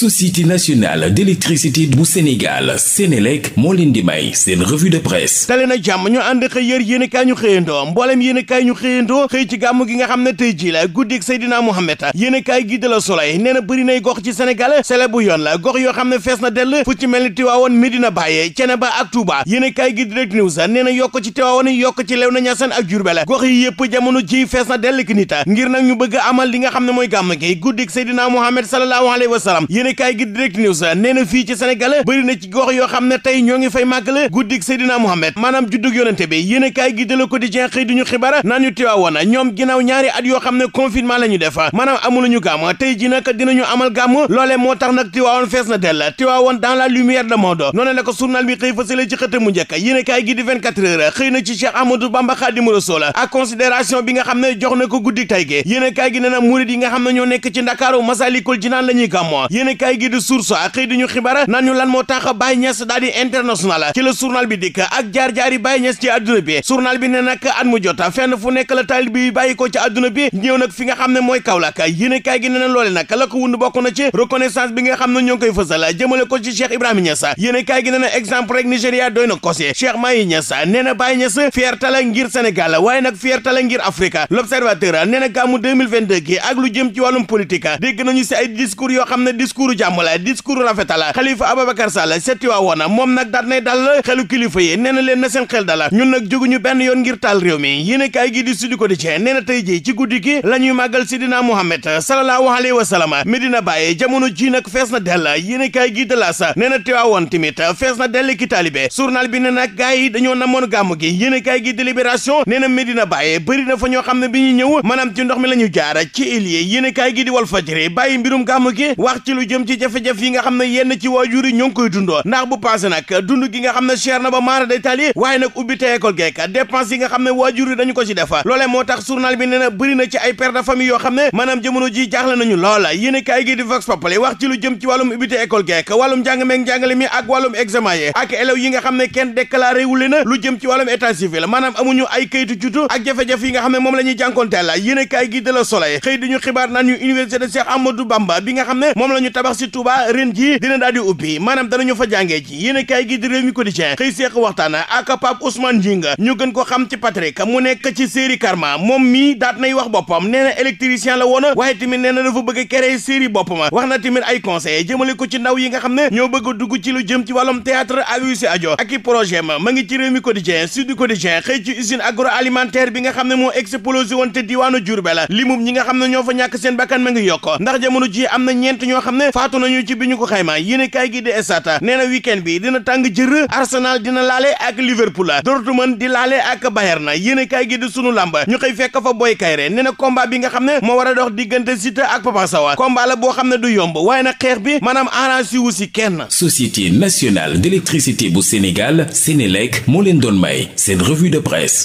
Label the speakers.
Speaker 1: société nationale d'électricité bu Sénégal Sénélec moo leen di may seen revue de presse dale na jàmm ñu ànd xëy yër yéen ñu xëyandoo mbooleem yéen i ñu xëyandoo xëy ci gàmm gi nga xam ne tey ji la guddik Seydina Mohamed yéen i kaay la Soleil nee na bëri gox ci Sénégal sele bu la gox yoo xam ne fees na dell fu ci mel ni Tiwaawoon Medina Baye Thiénaba ak Touba yéen i kaay gi Direct News nee na yokk ci Tiwaawoon yokk ci Léona na dell ki nita ngir li nga xam ne mooy yéenekaay gi direct news nee fii ci Sénégal bëri ci gox yoo xam ne ñoo ngi fay màggal guddik Seydina Mohamed maanaam juddug yonente bi yéenekaay gi de Le Quotidien xëy duñu xibaar naan ñu tiwaawoon ñoom ginnaaw ñaari at yoo xam ne confinement la ñu def maanaam amuluñu gàmm tey ji nag dinañu amal gàmm loolee moo tax nag tiwaawoon fees na dell tiwaawoon dans la lumière de Maodo noonu la ko journal bi xëy fasale ci xëta mu njëkk yéenekaay gi di kaay gi di source ak xëy di ñu xibaar naan lan moo tax Baye Niass daal di international ci la journal bi dikk ak jaar-jaari Baye Niass ci àdduna bi journal bi ne nag at mu jot fenn fu nekk la taalibe yi bàyyi ko ci àdduna bi ñëw nag fi nga xam ne mooy Kaolack yéen kaay gi ne na loole nag la ko na ci reconnaissance bi nga xam ne ñoo ngi koy fësal jëmale ko ci Cheikh Ibrahima Niass yéen kaay gi ne na exemple doy nag fierté la ngir Afrique l'observateur nee na discours jàmm la discours rafetala xalifa Ababacar Sall settiwaa woona moom nag daat nay dal xelu kilifa yi nee na leen na seen xel dala ñun nag jóguñu benn yoon ngir taal réew mi yéen a gi di Sud Quotidien nee na tey ji ci guddi la ñuy màggal Sidina Muhammad sallallahu alayhi wa sallam Medina Baye jamono ji nag fees na dell yéen a kaay gi de la sa na tiwaawoon tamit fees na dell ki taalibe journal bi ne nag gars yi dañoo gi yéen a kaay gi délibération nee na Medina Baye bëri na fa ñoo xam ne bi ñu ñëw maanaam ci ndox mi ñu jaar a kaay gi di Walf Fadjri bàyyi mbirum gàmm gi wax ci lu jëm ci jafe-jafe yi nga xam ne yenn ci ne lu jëm ci wàllum ubbi te école geek wàllum amuñu ay kayitu juddu ak jafe-jafe yi nga xam ne moom la ñuy jànkonteel yéen kaay gi de la Soleil xëy diñu xibaar naan ñu université Cheikh Amadou Bamba bi nga xam ne moom lañu tabax si Touba ren ji dina daal di ubbi maanaam danañu fa jàngee ji yéen a kaay gi di réew xëy seeq waxtaan ak Pape Ousmane Njinga ñu gën ko xam ci Patrick mu nekk ci série Karma moom mii daat nay wax boppam nee na électricien la woon waaye tamit nee na dafa bëgg a créer série wax na tamit ay conseil jëmale ko ci ndaw yi nga xam ne ñoo bëgg a dugg ci lu jëm ci wàllum théâtre ak yu si ajo ak i projet ma ma ngi ci réew mi quotidien Sud Quotidien xëy bi nga xam ne moo explosé woon te diwaanu Diourbel limub ñi nga xam ne ñoo fa ñàkk seen faatu nañu ci bi ñu ko xaymaa yéen kaay gi di Stades nee na week-end bi dina tàng jër Arsenal dina laale ak Liverpool Dortmund di laale ak Bayern yéen kaay gi di sunu làmb ñu xëy fekk fa Boy Kayre nee na combat bi nga xam ne moo war a dox diggante Siteu ak Papa Sow combat la boo xam ne du yomb waaye na xeex bi maanaam arrangé wu si kenn. Société nationale d'électricité bu Sénégal Sénélec moo leen doon may seen revue de presse.